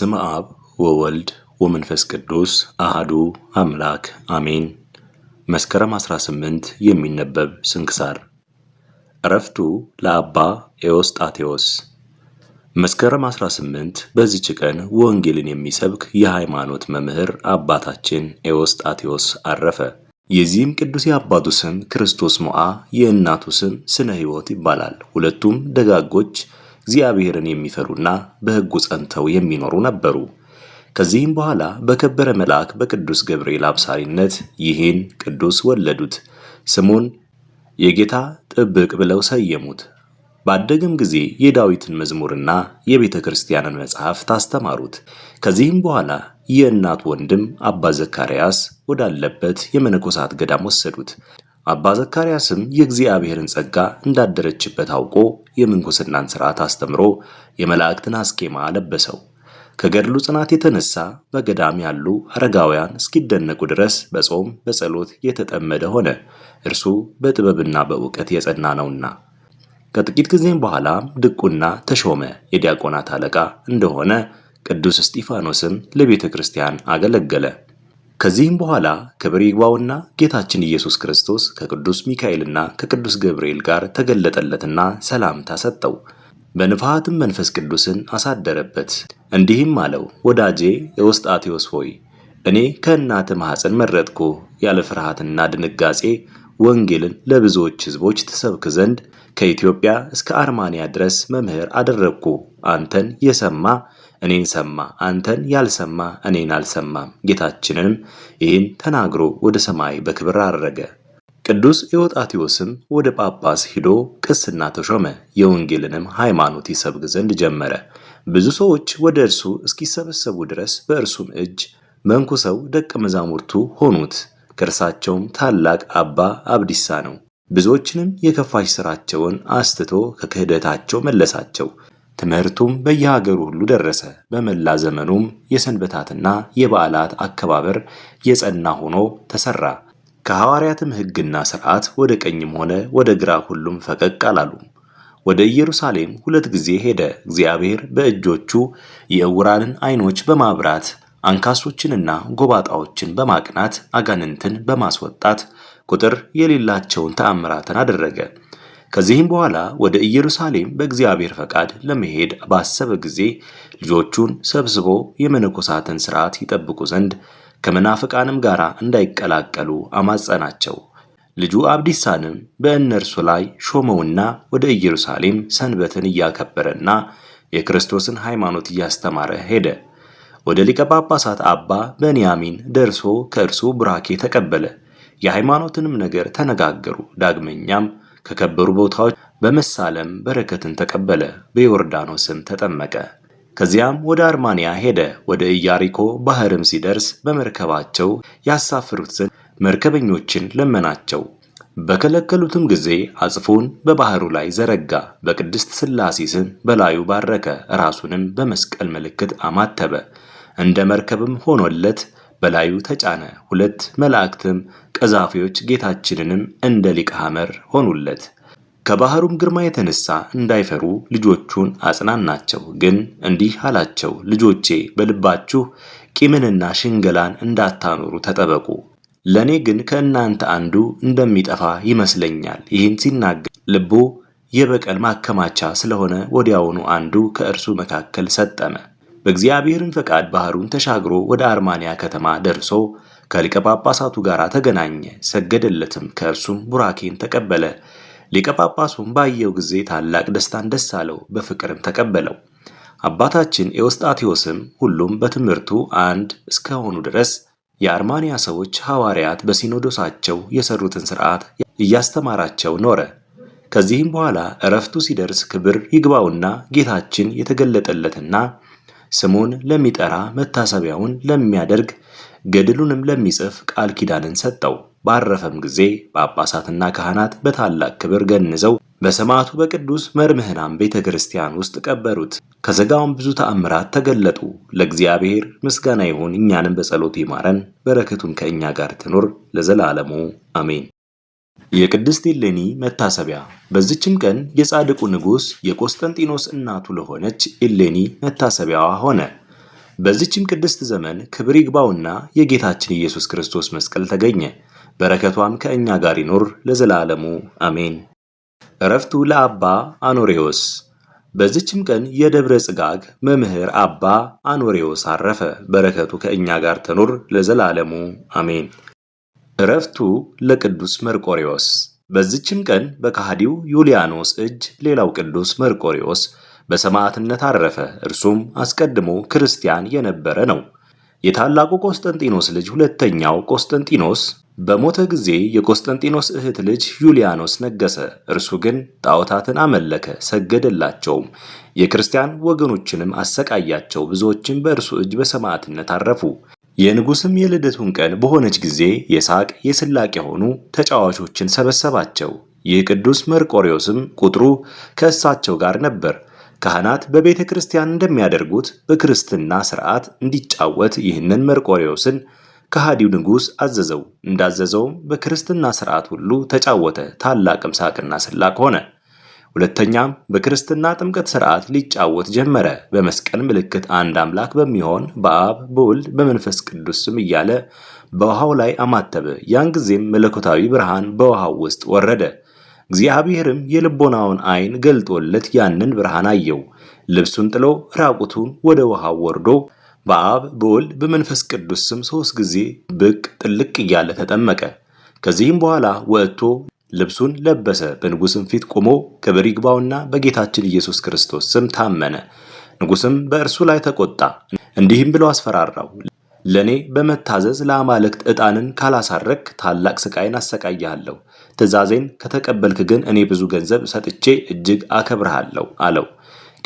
በስመ አብ ወወልድ ወመንፈስ ቅዱስ አህዱ አምላክ አሜን። መስከረም 18 የሚነበብ ስንክሳር። እረፍቱ ለአባ ኤዎስጣቴዎስ። መስከረም 18 በዚች ቀን ወንጌልን የሚሰብክ የሃይማኖት መምህር አባታችን ኤዎስጣቴዎስ አረፈ። የዚህም ቅዱስ የአባቱ ስም ክርስቶስ ሞዓ፣ የእናቱ ስም ስነ ሕይወት ይባላል። ሁለቱም ደጋጎች እግዚአብሔርን የሚፈሩና በሕጉ ጸንተው የሚኖሩ ነበሩ። ከዚህም በኋላ በከበረ መልአክ በቅዱስ ገብርኤል አብሳሪነት ይህን ቅዱስ ወለዱት። ስሙን የጌታ ጥብቅ ብለው ሰየሙት። ባደገም ጊዜ የዳዊትን መዝሙርና የቤተ ክርስቲያንን መጽሐፍት አስተማሩት። ከዚህም በኋላ የእናቱ ወንድም አባ ዘካርያስ ወዳለበት የመነኮሳት ገዳም ወሰዱት። አባ ዘካርያስም የእግዚአብሔርን ጸጋ እንዳደረችበት አውቆ የምንኩስናን ሥርዓት አስተምሮ የመላእክትን አስኬማ ለበሰው። ከገድሉ ጽናት የተነሳ በገዳም ያሉ አረጋውያን እስኪደነቁ ድረስ በጾም በጸሎት የተጠመደ ሆነ፣ እርሱ በጥበብና በእውቀት የጸና ነውና። ከጥቂት ጊዜም በኋላም ድቁና ተሾመ። የዲያቆናት አለቃ እንደሆነ ቅዱስ እስጢፋኖስም ለቤተ ክርስቲያን አገለገለ። ከዚህም በኋላ ክብር ይግባውና ጌታችን ኢየሱስ ክርስቶስ ከቅዱስ ሚካኤልና ከቅዱስ ገብርኤል ጋር ተገለጠለትና ሰላምታ ሰጠው። በንፋሃትም መንፈስ ቅዱስን አሳደረበት። እንዲህም አለው፣ ወዳጄ ኤዎስጣቴዎስ ሆይ እኔ ከእናትህ ማኅፀን መረጥኩ። ያለ ፍርሃትና ድንጋጼ ወንጌልን ለብዙዎች ሕዝቦች ትሰብክ ዘንድ ከኢትዮጵያ እስከ አርማንያ ድረስ መምህር አደረግኩ። አንተን የሰማ እኔን ሰማ፣ አንተን ያልሰማ እኔን አልሰማም። ጌታችንንም ይህን ተናግሮ ወደ ሰማይ በክብር አረገ። ቅዱስ ኤዎጣቴዎስም ወደ ጳጳስ ሂዶ ቅስና ተሾመ። የወንጌልንም ሃይማኖት ይሰብክ ዘንድ ጀመረ። ብዙ ሰዎች ወደ እርሱ እስኪሰበሰቡ ድረስ በእርሱም እጅ መንኩሰው ደቀ መዛሙርቱ ሆኑት። ከእርሳቸውም ታላቅ አባ አብዲሳ ነው። ብዙዎችንም የከፋሽ ሥራቸውን አስትቶ ከክህደታቸው መለሳቸው። ትምህርቱም በየሀገሩ ሁሉ ደረሰ። በመላ ዘመኑም የሰንበታትና የበዓላት አከባበር የጸና ሆኖ ተሰራ። ከሐዋርያትም ሕግና ሥርዓት ወደ ቀኝም ሆነ ወደ ግራ ሁሉም ፈቀቅ አላሉ። ወደ ኢየሩሳሌም ሁለት ጊዜ ሄደ። እግዚአብሔር በእጆቹ የእውራንን ዐይኖች በማብራት አንካሶችንና ጎባጣዎችን በማቅናት አጋንንትን በማስወጣት ቁጥር የሌላቸውን ተአምራትን አደረገ። ከዚህም በኋላ ወደ ኢየሩሳሌም በእግዚአብሔር ፈቃድ ለመሄድ ባሰበ ጊዜ ልጆቹን ሰብስቦ የመነኮሳትን ሥርዓት ይጠብቁ ዘንድ ከመናፍቃንም ጋር እንዳይቀላቀሉ አማጸናቸው። ልጁ አብዲሳንም በእነርሱ ላይ ሾመውና ወደ ኢየሩሳሌም ሰንበትን እያከበረና የክርስቶስን ሃይማኖት እያስተማረ ሄደ። ወደ ሊቀ ጳጳሳት አባ በንያሚን ደርሶ ከእርሱ ቡራኬ ተቀበለ። የሃይማኖትንም ነገር ተነጋገሩ። ዳግመኛም ከከበሩ ቦታዎች በመሳለም በረከትን ተቀበለ። በዮርዳኖስም ተጠመቀ። ከዚያም ወደ አርማንያ ሄደ። ወደ ኢያሪኮ ባህርም ሲደርስ በመርከባቸው ያሳፍሩት ዘንድ መርከበኞችን ለመናቸው። በከለከሉትም ጊዜ አጽፎን በባህሩ ላይ ዘረጋ። በቅድስት ሥላሴ ስም በላዩ ባረከ። ራሱንም በመስቀል ምልክት አማተበ። እንደ መርከብም ሆኖለት በላዩ ተጫነ። ሁለት መላእክትም ቀዛፊዎች ጌታችንንም እንደ ሊቀ ሐመር ሆኑለት። ከባሕሩም ግርማ የተነሳ እንዳይፈሩ ልጆቹን አጽናናቸው። ግን እንዲህ አላቸው፣ ልጆቼ በልባችሁ ቂምንና ሽንገላን እንዳታኖሩ ተጠበቁ። ለእኔ ግን ከእናንተ አንዱ እንደሚጠፋ ይመስለኛል። ይህን ሲናገር ልቡ የበቀል ማከማቻ ስለሆነ ወዲያውኑ አንዱ ከእርሱ መካከል ሰጠመ። በእግዚአብሔርን ፈቃድ ባህሩን ተሻግሮ ወደ አርማንያ ከተማ ደርሶ ከሊቀ ጳጳሳቱ ጋር ተገናኘ፣ ሰገደለትም፣ ከእርሱም ቡራኬን ተቀበለ። ሊቀ ጳጳሱም ባየው ጊዜ ታላቅ ደስታን ደስ አለው፣ በፍቅርም ተቀበለው። አባታችን ኤዎስጣቴዎስም ሁሉም በትምህርቱ አንድ እስከሆኑ ድረስ የአርማንያ ሰዎች ሐዋርያት በሲኖዶሳቸው የሰሩትን ሥርዓት እያስተማራቸው ኖረ። ከዚህም በኋላ እረፍቱ ሲደርስ ክብር ይግባውና ጌታችን የተገለጠለትና ስሙን ለሚጠራ መታሰቢያውን ለሚያደርግ ገድሉንም ለሚጽፍ ቃል ኪዳንን ሰጠው። ባረፈም ጊዜ ጳጳሳትና ካህናት በታላቅ ክብር ገንዘው በሰማዕቱ በቅዱስ መርምህናን ቤተ ክርስቲያን ውስጥ ቀበሩት። ከሥጋውም ብዙ ተአምራት ተገለጡ። ለእግዚአብሔር ምስጋና ይሁን፣ እኛንም በጸሎት ይማረን፣ በረከቱን ከእኛ ጋር ትኖር ለዘላለሙ አሜን። የቅድስት ኤሌኒ መታሰቢያ በዚችም ቀን የጻድቁ ንጉሥ የቆስጠንጢኖስ እናቱ ለሆነች ኤሌኒ መታሰቢያዋ ሆነ። በዚችም ቅድስት ዘመን ክብር ይግባውና የጌታችን ኢየሱስ ክርስቶስ መስቀል ተገኘ። በረከቷም ከእኛ ጋር ይኖር ለዘላለሙ አሜን። እረፍቱ ለአባ አኖሬዎስ በዚችም ቀን የደብረ ጽጋግ መምህር አባ አኖሬዎስ አረፈ። በረከቱ ከእኛ ጋር ተኖር ለዘላለሙ አሜን። እረፍቱ ለቅዱስ መርቆሪዎስ በዚችም ቀን በከሃዲው ዩሊያኖስ እጅ ሌላው ቅዱስ መርቆሪዎስ በሰማዕትነት አረፈ። እርሱም አስቀድሞ ክርስቲያን የነበረ ነው። የታላቁ ቆስጠንጢኖስ ልጅ ሁለተኛው ቆስጠንጢኖስ በሞተ ጊዜ የቆስጠንጢኖስ እህት ልጅ ዩሊያኖስ ነገሰ። እርሱ ግን ጣዖታትን አመለከ፣ ሰገደላቸውም። የክርስቲያን ወገኖችንም አሰቃያቸው። ብዙዎችም በእርሱ እጅ በሰማዕትነት አረፉ። የንጉስም የልደቱን ቀን በሆነች ጊዜ የሳቅ የስላቅ የሆኑ ተጫዋቾችን ሰበሰባቸው። ይህ ቅዱስ መርቆሪዎስም ቁጥሩ ከእሳቸው ጋር ነበር። ካህናት በቤተ ክርስቲያን እንደሚያደርጉት በክርስትና ስርዓት እንዲጫወት ይህንን መርቆሪዎስን ከሃዲው ንጉስ አዘዘው። እንዳዘዘውም በክርስትና ስርዓት ሁሉ ተጫወተ። ታላቅም ሳቅና ስላቅ ሆነ። ሁለተኛም በክርስትና ጥምቀት ሥርዓት ሊጫወት ጀመረ። በመስቀል ምልክት አንድ አምላክ በሚሆን በአብ በወልድ በመንፈስ ቅዱስ ስም እያለ በውሃው ላይ አማተበ። ያን ጊዜም መለኮታዊ ብርሃን በውሃው ውስጥ ወረደ። እግዚአብሔርም የልቦናውን ዓይን ገልጦለት ያንን ብርሃን አየው። ልብሱን ጥሎ ራቁቱን ወደ ውሃው ወርዶ በአብ በወልድ በመንፈስ ቅዱስ ስም ሦስት ጊዜ ብቅ ጥልቅ እያለ ተጠመቀ። ከዚህም በኋላ ወጥቶ ልብሱን ለበሰ፣ በንጉሥም ፊት ቆሞ ክብር ይግባውና በጌታችን ኢየሱስ ክርስቶስ ስም ታመነ። ንጉሥም በእርሱ ላይ ተቆጣ፣ እንዲህም ብሎ አስፈራራው። ለእኔ በመታዘዝ ለአማልክት ዕጣንን ካላሳረክ ታላቅ ስቃይን አሰቃያሃለሁ ትእዛዜን ከተቀበልክ ግን እኔ ብዙ ገንዘብ ሰጥቼ እጅግ አከብርሃለሁ አለው።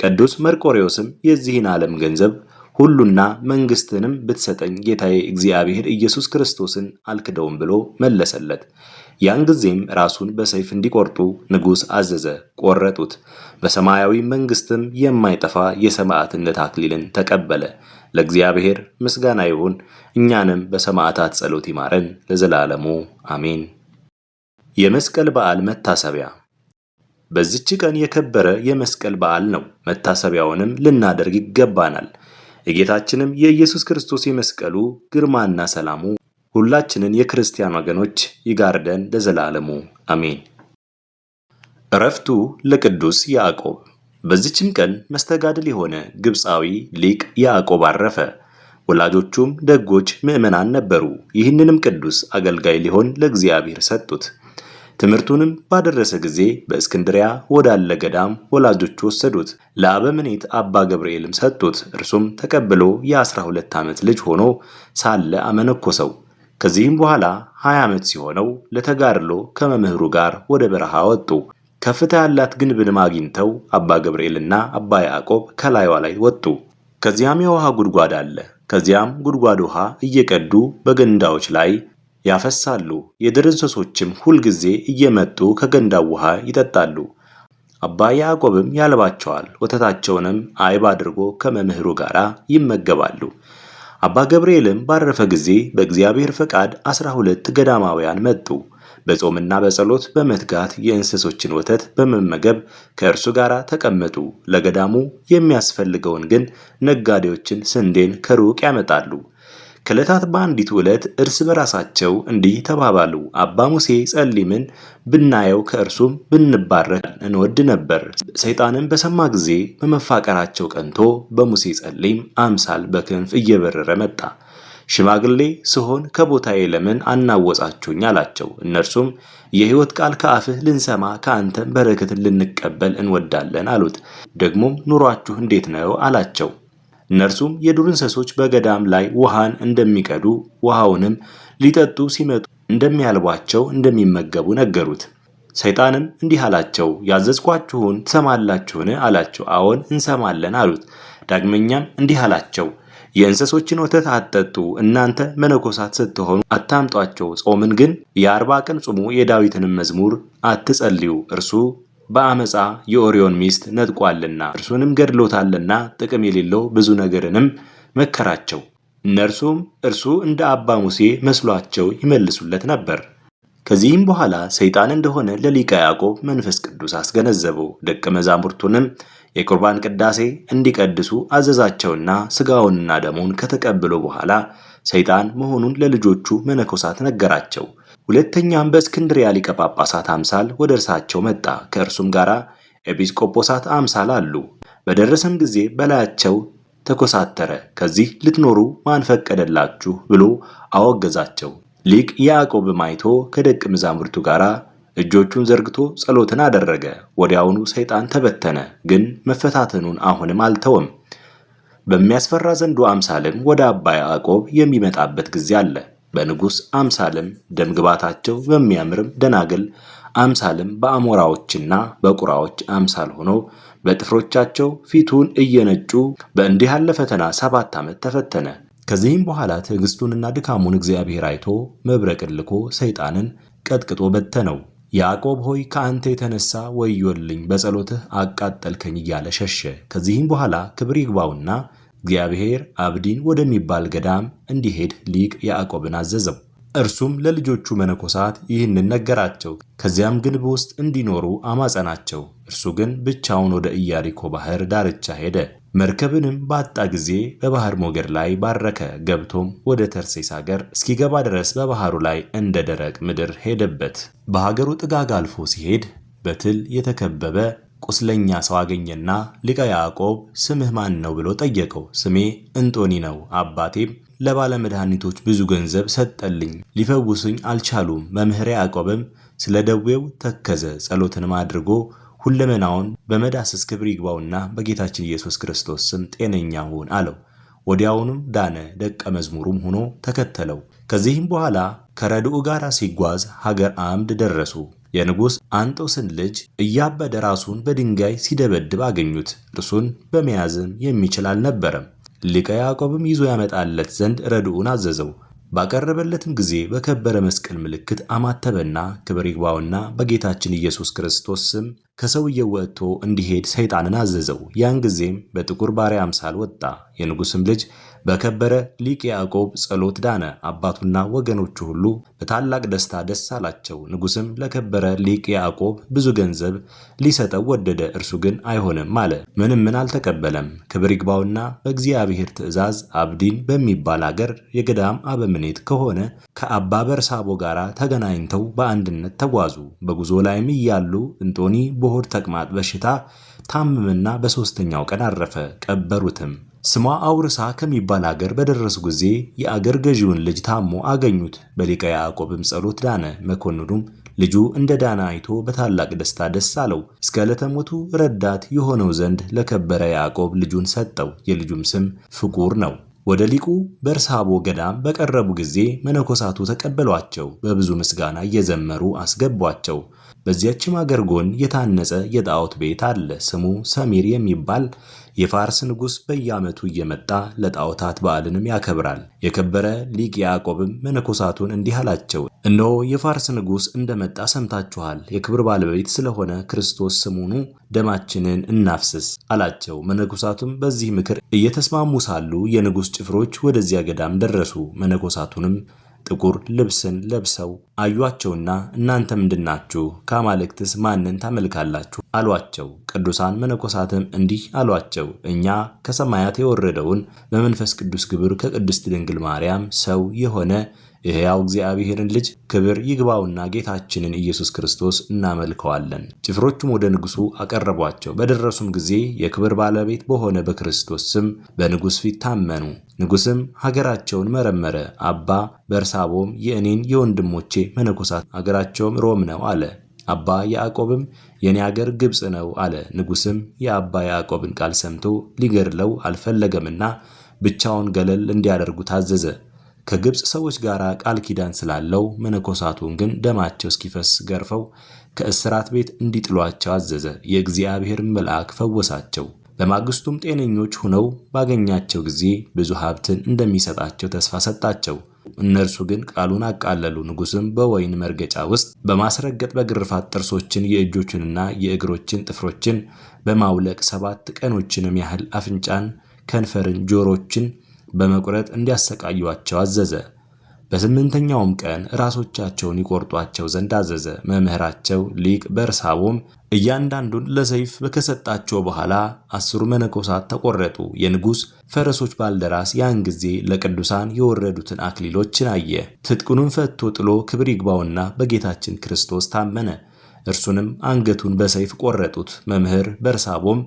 ቅዱስ መርቆሬዎስም የዚህን ዓለም ገንዘብ ሁሉና መንግሥትንም ብትሰጠኝ ጌታዬ እግዚአብሔር ኢየሱስ ክርስቶስን አልክደውም ብሎ መለሰለት። ያን ጊዜም ራሱን በሰይፍ እንዲቆርጡ ንጉሥ አዘዘ። ቆረጡት። በሰማያዊ መንግሥትም የማይጠፋ የሰማዕትነት አክሊልን ተቀበለ። ለእግዚአብሔር ምስጋና ይሁን። እኛንም በሰማዕታት ጸሎት ይማረን ለዘላለሙ አሜን። የመስቀል በዓል መታሰቢያ በዚች ቀን የከበረ የመስቀል በዓል ነው። መታሰቢያውንም ልናደርግ ይገባናል። የጌታችንም የኢየሱስ ክርስቶስ የመስቀሉ ግርማና ሰላሙ ሁላችንን የክርስቲያን ወገኖች ይጋርደን ለዘላለሙ አሜን። እረፍቱ ለቅዱስ ያዕቆብ። በዚችም ቀን መስተጋድል የሆነ ግብፃዊ ሊቅ ያዕቆብ አረፈ። ወላጆቹም ደጎች ምዕመናን ነበሩ። ይህንንም ቅዱስ አገልጋይ ሊሆን ለእግዚአብሔር ሰጡት። ትምህርቱንም ባደረሰ ጊዜ በእስክንድሪያ ወዳለ ገዳም ወላጆቹ ወሰዱት። ለአበምኔት አባ ገብርኤልም ሰጡት። እርሱም ተቀብሎ የአስራ ሁለት ዓመት ልጅ ሆኖ ሳለ አመነኮሰው። ከዚህም በኋላ 20 ዓመት ሲሆነው ለተጋድሎ ከመምህሩ ጋር ወደ በረሃ ወጡ። ከፍታ ያላት ግንብንም አግኝተው አባ ገብርኤልና አባ ያዕቆብ ከላይዋ ላይ ወጡ። ከዚያም የውሃ ጉድጓድ አለ። ከዚያም ጉድጓድ ውሃ እየቀዱ በገንዳዎች ላይ ያፈሳሉ። የዱር እንስሶችም ሁልጊዜ እየመጡ ከገንዳው ውሃ ይጠጣሉ። አባ ያዕቆብም ያልባቸዋል፣ ወተታቸውንም አይብ አድርጎ ከመምህሩ ጋር ይመገባሉ። አባ ገብርኤልም ባረፈ ጊዜ በእግዚአብሔር ፈቃድ አስራ ሁለት ገዳማውያን መጡ። በጾምና በጸሎት በመትጋት የእንስሶችን ወተት በመመገብ ከእርሱ ጋር ተቀመጡ። ለገዳሙ የሚያስፈልገውን ግን ነጋዴዎችን ስንዴን ከሩቅ ያመጣሉ። ከዕለታት በአንዲቱ ዕለት እርስ በራሳቸው እንዲህ ተባባሉ፣ አባ ሙሴ ጸሊምን ብናየው ከእርሱም ብንባረክ እንወድ ነበር። ሰይጣንም በሰማ ጊዜ በመፋቀራቸው ቀንቶ በሙሴ ጸሊም አምሳል በክንፍ እየበረረ መጣ። ሽማግሌ ስሆን ከቦታዬ ለምን አናወጻችሁኝ? አላቸው። እነርሱም የሕይወት ቃል ከአፍህ ልንሰማ ከአንተም በረከትን ልንቀበል እንወዳለን አሉት። ደግሞም ኑሯችሁ እንዴት ነው? አላቸው። እነርሱም የዱር እንስሶች በገዳም ላይ ውሃን እንደሚቀዱ ውሃውንም ሊጠጡ ሲመጡ እንደሚያልቧቸው እንደሚመገቡ ነገሩት። ሰይጣንም እንዲህ አላቸው፣ ያዘዝኳችሁን ትሰማላችሁን? አላቸው። አዎን እንሰማለን አሉት። ዳግመኛም እንዲህ አላቸው፣ የእንስሶችን ወተት አትጠጡ፣ እናንተ መነኮሳት ስትሆኑ አታምጧቸው። ጾምን ግን የአርባ ቀን ጹሙ፣ የዳዊትንም መዝሙር አትጸልዩ፣ እርሱ በአመፃ የኦሪዮን ሚስት ነጥቋልና እርሱንም ገድሎታልና ጥቅም የሌለው ብዙ ነገርንም መከራቸው። እነርሱም እርሱ እንደ አባ ሙሴ መስሏቸው ይመልሱለት ነበር። ከዚህም በኋላ ሰይጣን እንደሆነ ለሊቀ ያዕቆብ መንፈስ ቅዱስ አስገነዘበው። ደቀ መዛሙርቱንም የቁርባን ቅዳሴ እንዲቀድሱ አዘዛቸውና ስጋውንና ደሙን ከተቀበሉ በኋላ ሰይጣን መሆኑን ለልጆቹ መነኮሳት ነገራቸው። ሁለተኛም በእስክንድርያ ሊቀ ጳጳሳት አምሳል ወደ እርሳቸው መጣ። ከእርሱም ጋር ኤጲስቆጶሳት አምሳል አሉ። በደረሰም ጊዜ በላያቸው ተኮሳተረ። ከዚህ ልትኖሩ ማን ፈቀደላችሁ ብሎ አወገዛቸው። ሊቅ ያዕቆብ አይቶ ከደቀ መዛሙርቱ ጋር እጆቹን ዘርግቶ ጸሎትን አደረገ። ወዲያውኑ ሰይጣን ተበተነ። ግን መፈታተኑን አሁንም አልተወም። በሚያስፈራ ዘንዶ አምሳልም ወደ አባ ያዕቆብ የሚመጣበት ጊዜ አለ። በንጉሥ አምሳልም ደምግባታቸው በሚያምርም ደናግል አምሳልም በአሞራዎችና በቁራዎች አምሳል ሆነው በጥፍሮቻቸው ፊቱን እየነጩ በእንዲህ ያለ ፈተና ሰባት ዓመት ተፈተነ። ከዚህም በኋላ ትዕግስቱንና ድካሙን እግዚአብሔር አይቶ መብረቅን ልኮ ሰይጣንን ቀጥቅጦ በተነው። ያዕቆብ ሆይ ከአንተ የተነሳ ወዮልኝ፣ በጸሎትህ አቃጠልከኝ እያለ ሸሸ። ከዚህም በኋላ ክብር ይግባውና እግዚአብሔር አብዲን ወደሚባል ገዳም እንዲሄድ ሊቅ ያዕቆብን አዘዘው። እርሱም ለልጆቹ መነኮሳት ይህንን ነገራቸው። ከዚያም ግንብ ውስጥ እንዲኖሩ አማጸናቸው። እርሱ ግን ብቻውን ወደ ኢያሪኮ ባህር ዳርቻ ሄደ። መርከብንም ባጣ ጊዜ በባህር ሞገድ ላይ ባረከ። ገብቶም ወደ ተርሴስ ሀገር እስኪገባ ድረስ በባህሩ ላይ እንደ ደረቅ ምድር ሄደበት። በሀገሩ ጥጋግ አልፎ ሲሄድ በትል የተከበበ ቁስለኛ ሰው አገኘና ሊቀ ያዕቆብ ስምህ ማን ነው ብሎ ጠየቀው። ስሜ እንጦኒ ነው፣ አባቴም ለባለ መድኃኒቶች ብዙ ገንዘብ ሰጠልኝ፣ ሊፈውሱኝ አልቻሉም። መምህር ያዕቆብም ስለ ደዌው ተከዘ። ጸሎትንም አድርጎ ሁለመናውን በመዳሰስ ክብር ይግባውና በጌታችን ኢየሱስ ክርስቶስ ስም ጤነኛ ሁን አለው። ወዲያውኑም ዳነ። ደቀ መዝሙሩም ሆኖ ተከተለው። ከዚህም በኋላ ከረድኡ ጋር ሲጓዝ ሀገር አምድ ደረሱ። የንጉሥ አንጦስን ልጅ እያበደ ራሱን በድንጋይ ሲደበድብ አገኙት። እርሱን በመያዝም የሚችል አልነበረም። ሊቀ ያዕቆብም ይዞ ያመጣለት ዘንድ ረድዑን አዘዘው። ባቀረበለትም ጊዜ በከበረ መስቀል ምልክት አማተበና ክብር ይግባውና በጌታችን ኢየሱስ ክርስቶስ ስም ከሰውየው ወጥቶ እንዲሄድ ሰይጣንን አዘዘው። ያን ጊዜም በጥቁር ባሪያ አምሳል ወጣ። የንጉሥም ልጅ በከበረ ሊቅ ያዕቆብ ጸሎት ዳነ። አባቱና ወገኖቹ ሁሉ በታላቅ ደስታ ደስ አላቸው። ንጉሥም ለከበረ ሊቅ ያዕቆብ ብዙ ገንዘብ ሊሰጠው ወደደ። እርሱ ግን አይሆንም አለ፣ ምንም ምን አልተቀበለም። ክብር ይግባውና በእግዚአብሔር ትእዛዝ አብዲን በሚባል አገር የገዳም አበምኔት ከሆነ ከአባ በርሳቦ ጋር ተገናኝተው በአንድነት ተጓዙ። በጉዞ ላይም እያሉ እንጦኒ በሆድ ተቅማጥ በሽታ ታመመና በሦስተኛው ቀን አረፈ። ቀበሩትም። ስሟ አውርሳ ከሚባል አገር በደረሱ ጊዜ የአገር ገዢውን ልጅ ታሞ አገኙት። በሊቀ ያዕቆብም ጸሎት ዳነ። መኮንኑም ልጁ እንደ ዳነ አይቶ በታላቅ ደስታ ደስ አለው። እስከ ዕለተ ሞቱ ረዳት የሆነው ዘንድ ለከበረ ያዕቆብ ልጁን ሰጠው። የልጁም ስም ፍቁር ነው። ወደ ሊቁ በርሳቦ ገዳም በቀረቡ ጊዜ መነኮሳቱ ተቀበሏቸው። በብዙ ምስጋና እየዘመሩ አስገቧቸው። በዚያችም አገር ጎን የታነጸ የጣዖት ቤት አለ። ስሙ ሰሚር የሚባል የፋርስ ንጉሥ በየዓመቱ እየመጣ ለጣዖታት በዓልንም ያከብራል። የከበረ ሊቅ ያዕቆብም መነኮሳቱን እንዲህ አላቸው፣ እነሆ የፋርስ ንጉሥ እንደመጣ ሰምታችኋል። የክብር ባለቤት ስለሆነ ክርስቶስ ስሙኑ ደማችንን እናፍስስ አላቸው። መነኮሳቱም በዚህ ምክር እየተስማሙ ሳሉ የንጉሥ ጭፍሮች ወደዚያ ገዳም ደረሱ። መነኮሳቱንም ጥቁር ልብስን ለብሰው አዩአቸውና እናንተ ምንድናችሁ? ከአማልክትስ ማንን ታመልካላችሁ? አሏቸው። ቅዱሳን መነኮሳትም እንዲህ አሏቸው፣ እኛ ከሰማያት የወረደውን በመንፈስ ቅዱስ ግብር ከቅድስት ድንግል ማርያም ሰው የሆነ የሕያው እግዚአብሔርን ልጅ ክብር ይግባውና ጌታችንን ኢየሱስ ክርስቶስ እናመልከዋለን። ጭፍሮቹም ወደ ንጉሡ አቀረቧቸው። በደረሱም ጊዜ የክብር ባለቤት በሆነ በክርስቶስ ስም በንጉሥ ፊት ታመኑ። ንጉሥም ሀገራቸውን መረመረ። አባ በርሳቦም የእኔን የወንድሞቼ መነኮሳት አገራቸውም ሮም ነው አለ። አባ ያዕቆብም የኔ አገር ግብፅ ነው አለ። ንጉሥም የአባ ያዕቆብን ቃል ሰምቶ ሊገድለው አልፈለገምና ብቻውን ገለል እንዲያደርጉ ታዘዘ። ከግብፅ ሰዎች ጋር ቃል ኪዳን ስላለው መነኮሳቱን ግን ደማቸው እስኪፈስ ገርፈው ከእስራት ቤት እንዲጥሏቸው አዘዘ። የእግዚአብሔር መልአክ ፈወሳቸው። በማግስቱም ጤነኞች ሁነው ባገኛቸው ጊዜ ብዙ ሀብትን እንደሚሰጣቸው ተስፋ ሰጣቸው። እነርሱ ግን ቃሉን አቃለሉ። ንጉሥም በወይን መርገጫ ውስጥ በማስረገጥ በግርፋት ጥርሶችን፣ የእጆችንና የእግሮችን ጥፍሮችን በማውለቅ ሰባት ቀኖችንም ያህል አፍንጫን፣ ከንፈርን፣ ጆሮችን በመቁረጥ እንዲያሰቃዩቸው አዘዘ። በስምንተኛውም ቀን ራሶቻቸውን ይቆርጧቸው ዘንድ አዘዘ። መምህራቸው ሊቅ በርሳቦም እያንዳንዱን ለሰይፍ ከሰጣቸው በኋላ አስሩ መነኮሳት ተቆረጡ። የንጉሥ ፈረሶች ባልደራስ ያን ጊዜ ለቅዱሳን የወረዱትን አክሊሎችን አየ። ትጥቁንም ፈቶ ጥሎ ክብር ይግባውና በጌታችን ክርስቶስ ታመነ። እርሱንም አንገቱን በሰይፍ ቆረጡት። መምህር በርሳቦም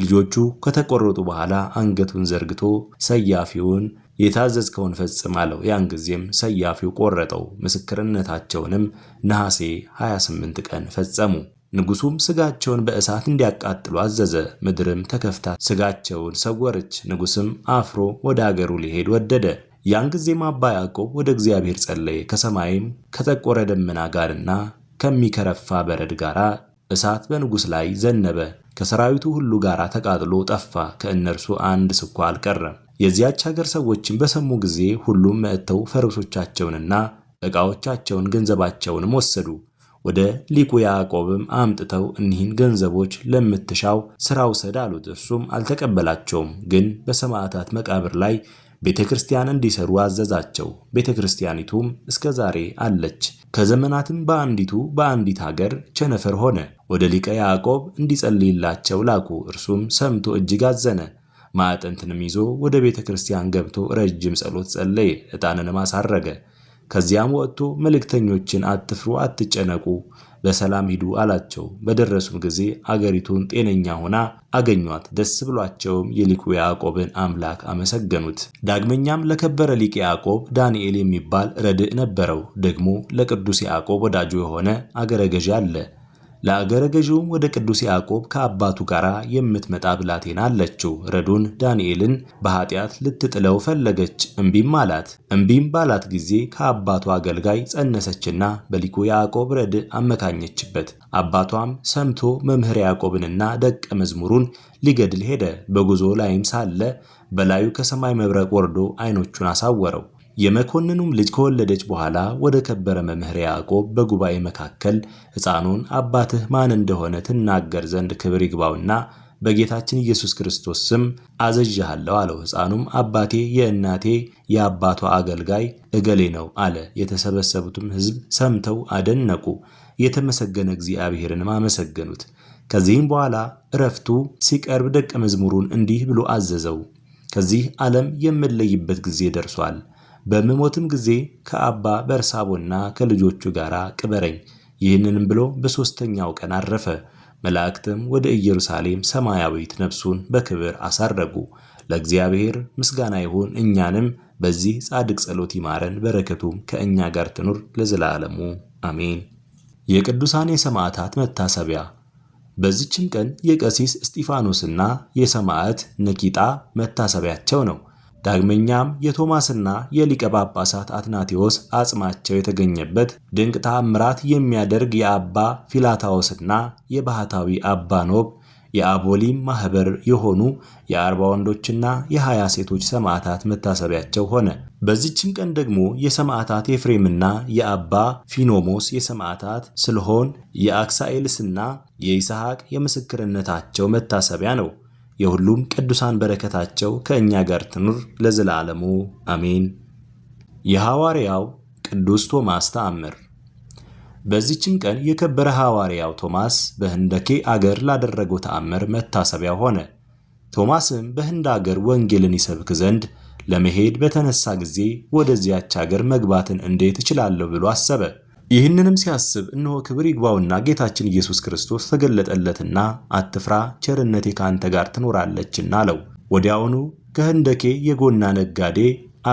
ልጆቹ ከተቆረጡ በኋላ አንገቱን ዘርግቶ ሰያፊውን የታዘዝከውን ፈጽም አለው። ያን ጊዜም ሰያፊው ቆረጠው። ምስክርነታቸውንም ነሐሴ 28 ቀን ፈጸሙ። ንጉሱም ስጋቸውን በእሳት እንዲያቃጥሉ አዘዘ። ምድርም ተከፍታ ስጋቸውን ሰወረች። ንጉስም አፍሮ ወደ አገሩ ሊሄድ ወደደ። ያን ጊዜም አባ ያዕቆብ ወደ እግዚአብሔር ጸለየ። ከሰማይም ከጠቆረ ደመና ጋርና ከሚከረፋ በረድ ጋር እሳት በንጉሥ ላይ ዘነበ፣ ከሰራዊቱ ሁሉ ጋር ተቃጥሎ ጠፋ። ከእነርሱ አንድ ስኳ አልቀረም። የዚያች ሀገር ሰዎችን በሰሙ ጊዜ ሁሉም መጥተው ፈረሶቻቸውንና ዕቃዎቻቸውን ገንዘባቸውንም ወሰዱ። ወደ ሊቁ ያዕቆብም አምጥተው እኒህን ገንዘቦች ለምትሻው ሥራ ውሰድ አሉት። እርሱም አልተቀበላቸውም፣ ግን በሰማዕታት መቃብር ላይ ቤተ ክርስቲያን እንዲሰሩ አዘዛቸው። ቤተ ክርስቲያኒቱም እስከ ዛሬ አለች። ከዘመናትም በአንዲቱ በአንዲት ሀገር ቸነፈር ሆነ። ወደ ሊቀ ያዕቆብ እንዲጸልይላቸው ላኩ። እርሱም ሰምቶ እጅግ አዘነ። ማዕጠንትንም ይዞ ወደ ቤተ ክርስቲያን ገብቶ ረጅም ጸሎት ጸለየ። ዕጣንንም አሳረገ። ከዚያም ወጥቶ መልእክተኞችን አትፍሩ፣ አትጨነቁ፣ በሰላም ሂዱ አላቸው። በደረሱም ጊዜ አገሪቱን ጤነኛ ሆና አገኟት። ደስ ብሏቸውም የሊቁ ያዕቆብን አምላክ አመሰገኑት። ዳግመኛም ለከበረ ሊቅ ያዕቆብ ዳንኤል የሚባል ረድእ ነበረው። ደግሞ ለቅዱስ ያዕቆብ ወዳጁ የሆነ አገረ ገዢ አለ። ለአገረ ገዢውም ወደ ቅዱስ ያዕቆብ ከአባቱ ጋር የምትመጣ ብላቴና አለችው፣ ረዱን ዳንኤልን በኃጢአት ልትጥለው ፈለገች፣ እምቢም አላት። እምቢም ባላት ጊዜ ከአባቱ አገልጋይ ጸነሰችና በሊቁ ያዕቆብ ረድ አመካኘችበት። አባቷም ሰምቶ መምህር ያዕቆብንና ደቀ መዝሙሩን ሊገድል ሄደ። በጉዞ ላይም ሳለ በላዩ ከሰማይ መብረቅ ወርዶ ዓይኖቹን አሳወረው። የመኮንኑም ልጅ ከወለደች በኋላ ወደ ከበረ መምህር ያዕቆብ በጉባኤ መካከል ሕፃኑን አባትህ ማን እንደሆነ ትናገር ዘንድ ክብር ይግባውና በጌታችን ኢየሱስ ክርስቶስ ስም አዘዥሃለሁ አለው። ሕፃኑም አባቴ የእናቴ የአባቷ አገልጋይ እገሌ ነው አለ። የተሰበሰቡትም ሕዝብ ሰምተው አደነቁ፣ የተመሰገነ እግዚአብሔርንም አመሰገኑት። ከዚህም በኋላ እረፍቱ ሲቀርብ ደቀ መዝሙሩን እንዲህ ብሎ አዘዘው፣ ከዚህ ዓለም የምለይበት ጊዜ ደርሷል በምሞትም ጊዜ ከአባ በርሳቦና ከልጆቹ ጋር ቅበረኝ። ይህንንም ብሎ በሦስተኛው ቀን አረፈ። መላእክትም ወደ ኢየሩሳሌም ሰማያዊት ነፍሱን በክብር አሳረጉ። ለእግዚአብሔር ምስጋና ይሁን፣ እኛንም በዚህ ጻድቅ ጸሎት ይማረን፣ በረከቱም ከእኛ ጋር ትኑር ለዘላለሙ አሜን። የቅዱሳን የሰማዕታት መታሰቢያ። በዚችም ቀን የቀሲስ እስጢፋኖስና የሰማዕት ነቂጣ መታሰቢያቸው ነው። ዳግመኛም የቶማስና የሊቀ ጳጳሳት አትናቴዎስ አጽማቸው የተገኘበት ድንቅ ተአምራት የሚያደርግ የአባ ፊላታዎስና የባህታዊ አባ ኖብ የአቦሊም ማህበር የሆኑ የአርባ ወንዶችና የሀያ ሴቶች ሰማዕታት መታሰቢያቸው ሆነ። በዚችም ቀን ደግሞ የሰማዕታት ኤፍሬምና የአባ ፊኖሞስ የሰማዕታት ስልሆን የአክሳኤልስና የይስሐቅ የምስክርነታቸው መታሰቢያ ነው። የሁሉም ቅዱሳን በረከታቸው ከእኛ ጋር ትኑር ለዘላለሙ አሜን። የሐዋርያው ቅዱስ ቶማስ ተአምር። በዚችም ቀን የከበረ ሐዋርያው ቶማስ በህንደኬ አገር ላደረገው ተአምር መታሰቢያ ሆነ። ቶማስም በህንድ አገር ወንጌልን ይሰብክ ዘንድ ለመሄድ በተነሳ ጊዜ ወደዚያች አገር መግባትን እንዴት እችላለሁ ብሎ አሰበ። ይህንንም ሲያስብ እነሆ ክብር ይግባውና ጌታችን ኢየሱስ ክርስቶስ ተገለጠለትና አትፍራ፣ ቸርነቴ ከአንተ ጋር ትኖራለችና አለው። ወዲያውኑ ከህንደኬ የጎና ነጋዴ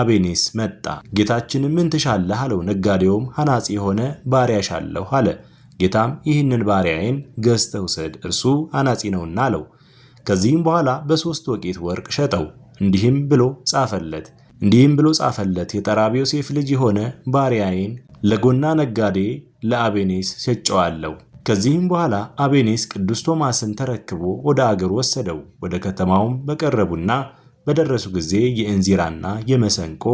አቤኔስ መጣ። ጌታችንም ምን ትሻለህ አለው። ነጋዴውም ሐናጺ የሆነ ባሪያ ሻለሁ አለ። ጌታም ይህንን ባሪያዬን ገዝተ ውሰድ፣ እርሱ አናጺ ነውና አለው። ከዚህም በኋላ በሦስት ወቄት ወርቅ ሸጠው፣ እንዲህም ብሎ ጻፈለት እንዲህም ብሎ ጻፈለት፣ የጠራቢ ዮሴፍ ልጅ የሆነ ባሪያዬን ለጎና ነጋዴ ለአቤኔስ ሸጨዋለሁ። ከዚህም በኋላ አቤኔስ ቅዱስ ቶማስን ተረክቦ ወደ አገር ወሰደው። ወደ ከተማውም በቀረቡና በደረሱ ጊዜ የእንዚራና የመሰንቆ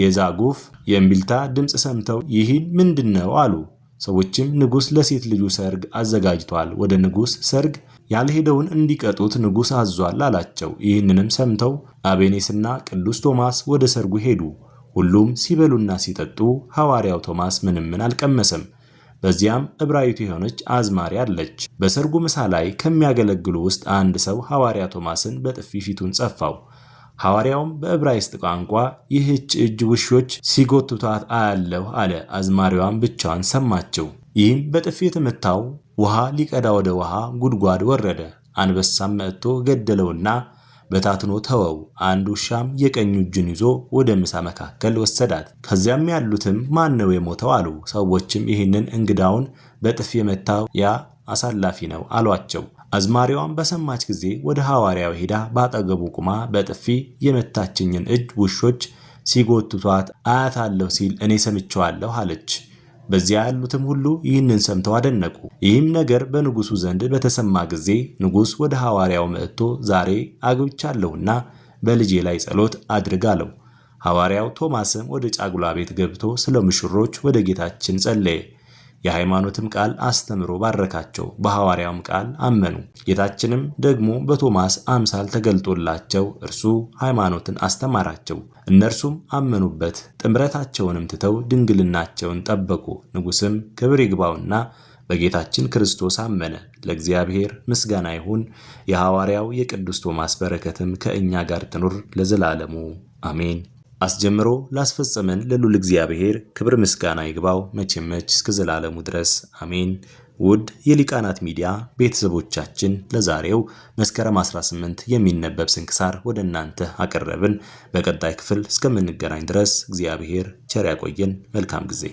የዛጉፍ የእምቢልታ ድምፅ ሰምተው ይህን ምንድን ነው አሉ። ሰዎችም ንጉሥ ለሴት ልጁ ሰርግ አዘጋጅቷል፣ ወደ ንጉሥ ሰርግ ያልሄደውን እንዲቀጡት ንጉሥ አዟል አላቸው። ይህንንም ሰምተው አቤኔስና ቅዱስ ቶማስ ወደ ሰርጉ ሄዱ። ሁሉም ሲበሉና ሲጠጡ ሐዋርያው ቶማስ ምንም ምን አልቀመሰም። በዚያም ዕብራዊቱ የሆነች አዝማሪ አለች። በሰርጉ ምሳ ላይ ከሚያገለግሉ ውስጥ አንድ ሰው ሐዋርያ ቶማስን በጥፊ ፊቱን ጸፋው። ሐዋርያውም በዕብራይስጥ ቋንቋ ይህች እጅ ውሾች ሲጎትቷት አያለሁ አለ። አዝማሪዋም ብቻዋን ሰማቸው። ይህም በጥፊ የተመታው ውሃ ሊቀዳ ወደ ውሃ ጉድጓድ ወረደ። አንበሳም መጥቶ ገደለውና በታትኖ ተወው። አንድ ውሻም የቀኝ እጁን ይዞ ወደ ምሳ መካከል ወሰዳት። ከዚያም ያሉትም ማን ነው የሞተው አሉ። ሰዎችም ይህንን እንግዳውን በጥፍ የመታው ያ አሳላፊ ነው አሏቸው። አዝማሪዋም በሰማች ጊዜ ወደ ሐዋርያው ሄዳ ባጠገቡ ቁማ በጥፊ የመታችኝን እጅ ውሾች ሲጎትቷት አያታለሁ ሲል እኔ ሰምቸዋለሁ አለች። በዚያ ያሉትም ሁሉ ይህንን ሰምተው አደነቁ። ይህም ነገር በንጉሱ ዘንድ በተሰማ ጊዜ ንጉሥ ወደ ሐዋርያው መጥቶ ዛሬ አግብቻለሁና በልጄ ላይ ጸሎት አድርግ አለው። ሐዋርያው ቶማስም ወደ ጫጉላ ቤት ገብቶ ስለ ምሽሮች ወደ ጌታችን ጸለየ። የሃይማኖትም ቃል አስተምሮ ባረካቸው፣ በሐዋርያውም ቃል አመኑ። ጌታችንም ደግሞ በቶማስ አምሳል ተገልጦላቸው እርሱ ሃይማኖትን አስተማራቸው፣ እነርሱም አመኑበት። ጥምረታቸውንም ትተው ድንግልናቸውን ጠበቁ። ንጉሥም ክብር ይግባውና በጌታችን ክርስቶስ አመነ። ለእግዚአብሔር ምስጋና ይሁን። የሐዋርያው የቅዱስ ቶማስ በረከትም ከእኛ ጋር ትኑር ለዘላለሙ አሜን። አስጀምሮ ላስፈጸመን ለልዑል እግዚአብሔር ክብር ምስጋና ይግባው መቼም መች እስከ ዘላለሙ ድረስ አሜን። ውድ የሊቃናት ሚዲያ ቤተሰቦቻችን ለዛሬው መስከረም 18 የሚነበብ ስንክሳር ወደ እናንተ አቀረብን። በቀጣይ ክፍል እስከምንገናኝ ድረስ እግዚአብሔር ቸር ያቆየን። መልካም ጊዜ